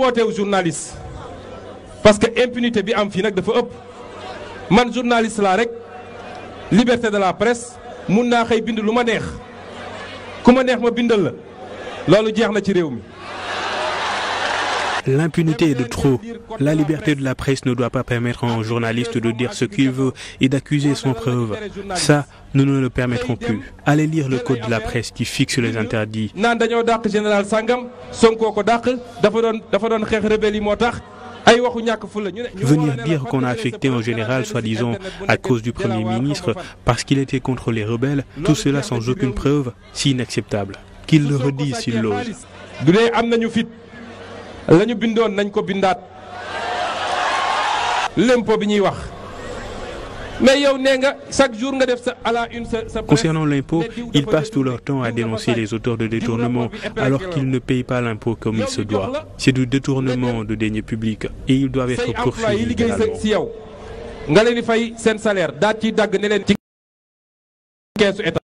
wooteew journaliste parce que impunité bi am fii nag dafa ëpp man journaliste la rek liberté de la presse mun naa xëy bind lu ma neex ku ma neex ma bindal la loolu jeex na ci réew mi L'impunité est de trop. La liberté de la presse ne doit pas permettre à un journaliste de dire ce qu'il veut et d'accuser sans preuve. Ça, nous ne le permettrons plus. Allez lire le code de la presse qui fixe les interdits. moo tax. Venir dire qu'on a affecté un général, soi-disant, à cause du Premier ministre, parce qu'il était contre les rebelles, tout cela sans aucune preuve, c'est inacceptable. Qu'il le redise s'il l'ose. la bindoon nañ ko bindaat l'impôt bi ñuy wax mais yow nee nga chaque jour nga def sa à une sa sa. concernant l'impôt ils passent tout leur temps à dénoncer les auteurs de détournement alors qu'ils ne payent pas l'impôt comme il se doit c'est du détournement de deniers publics et ils doivent être poursuivis légalement si yow nga leen di fay seen salaire daal ciy dagg ne leen ci keesu